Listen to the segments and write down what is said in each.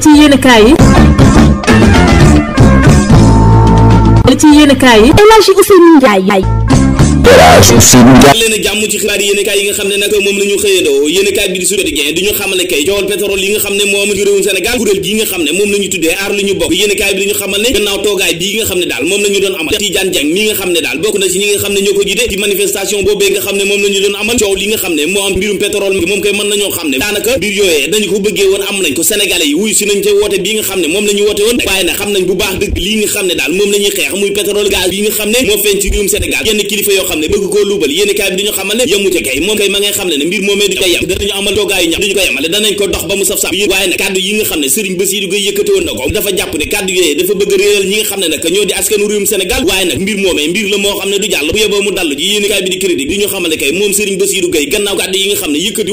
li ci yenn kaay yi li ci yenn kaay yi El Hadji Elhadji Seydou Ndiaye leen jàmm ci xibaar yi nga xam moom la ñu xëyandoo yéenekaay bi di Sud Quotidien di ñu xamale kay coowal pétrole yi ne moom ci réewum Sénégal kuréel gi nga xam ne moom la ñu tuddee aar lu nga xam ne moom la doon amal Tidiane Dieng nga xam ne daal bokk na ci ñi nga ne xam ne moom la ñu doon nga xam ne moo am mbirum pétrole moom koy mën nañoo xam ne bii nga xam ne moom la woote woon waaye nag xam nañ bu baax dëgg lii nga xam ne daal moom la xeex muy pétrole gaz bi nga xam ne moo feeñ yoo xam dafa jàpp ne kàddu yeboo mu dallu ji yéene kaay bi di critique du ñu xamal ne kay moom sëriñ Bassirou Gueye gannaaw kàddu yi nga xam ne yëkkati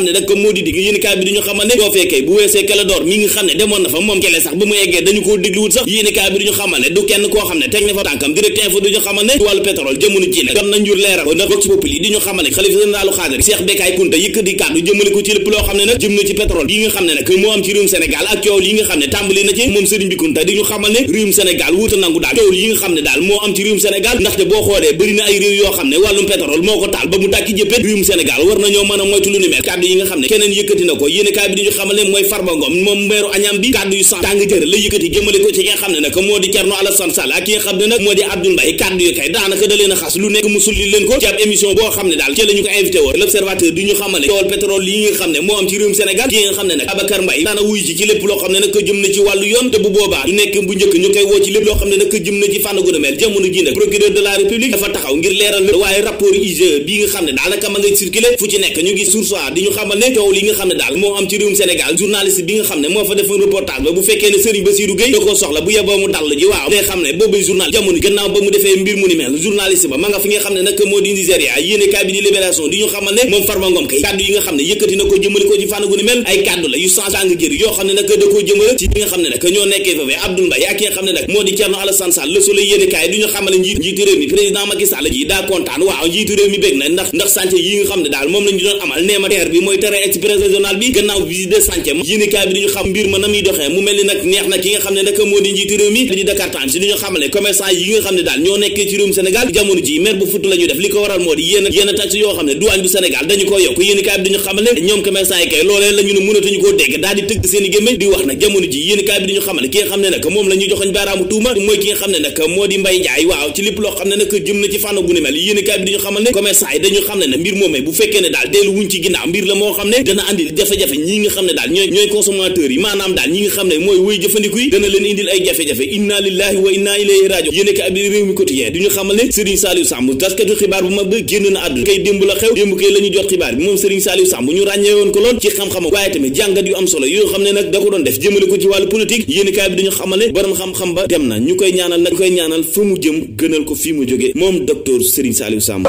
ne ko moo di dig yéene kaay bi du ñu xamal ne boo fekkee bu weesee kele door mi xam ne demoon na fa moom kele sax ba mu eggee dañu koo dégluwut sax yéene kaay bi du ñu xamal ne kenn koo xam ne teg na fa tànkam direct info du ñu xamal ne ci wàllu pétrole jëmunu ci nag jot na njur leeral ko ndax vox populi di ñu xamal ne xalifa généralu xaadir Cheikh Bekay Kunta yëkkati kàddu jëmale ko ci lépp loo xam ne nag jëm na ci pétrole yi nga xam ne nag moo am ci réewum Sénégal ak coow yi nga xam ne tàmbali na ci moom sëriñ bi Kunta di ñu xamal ne réewum Sénégal wuuta nangu daal coow yi nga xam ne daal moo am ci réewum Sénégal ndaxte boo xoolee bëri na ay réew yoo xam ne wàllum pétrole moo ko taal ba mu tàkki jëppee réewum Sénégal war nañoo mën a moytu lu ni mel kàddu yi nga xam ne keneen yëkkati na ko yéene kaay bi di ñu xamal ne mooy Farba Ngom moom meeru añam bi kàddu yu sant tàng jër la yëkkati jëmale ko ci nga xam ne nag moo di Cerno Alassane Alassane Sall ak ki nga xam ne nag moo di Abdoul Mbaye kàddu yi kay daanaka da a xas lu nekk mu sulli leen ko ci ab émission boo xam ne daal nag moo am ci réewum Sénégal journaliste bi nga xam ne moo fa defoon reportage ba bu fekkee ne Serigne Bassirou Gueye da koo soxla bu yeboo mu dall ji waaw xam ne boobu journal jamono gannaaw ba mu defee mbir mu ni nga fi nga xam ne nag moo di Nigéria yéene bi ko jëmale ko xam ne nag da koo jëmale ci ñi nga xam ne nag ñoo nekkee foofee Abdoul Mbaye ak ki nga xam ne nag moo di Thierno Alassane Sall Le Soleil yéene kaay du ñu xamal ne njiit réew mi président Macky Sall ji daa kontaan waaw njiitu réew mi bég na ndax ndax chantier yi nga xam ne daal moom lañ doon amal neema terre bi mooy terrain express régional bi gannaaw visite de chantier yéene bi di ñu xam mbir ma na muy doxee mu mel ni nag neex na ki nga xam ne nag moo di njiitu réew mi di Dakar Times di xam ne daal ñoo nekkee ci réewum Sénégal jamono ji mer bu futt la ñu def li ko waral moo di ne douane bu Sénégal dañu ko yokk yéen i kaay bi di ñu xamale ñoom commerçant yi kay loolee la ñu ne mënatuñu koo dégg daal di i gémmiñ di wax xamal ne commerçant dañu xam ne ne mbir moomee bu fekkee ne daal dellu wuñ ci ginnaaw mbir la moo xam ne daal ñooy consommateur xam ne mooy wëy jëfandiku yi dana leen indil ay jafe-jafe inna lillahi wa innaa ilayhi raaji'uun yéene kay bi réew mi quotidien du ñu xamal ne Serigne Saliou Samb taskatu xibaar bu mag ba génn na àdduna kay démb ko xam-xamam waaye tamit jàngat yu am solo yoo xam ne nag da doon def jëmale ko ci wàllu politique yéene kay bi dañu xamal ne borom xam-xam ba dem na ñu koy ñaanal nag ñu koy ñaanal fa mu jëm gënal ko fii mu jóge moom docteur Serigne Saliou Samb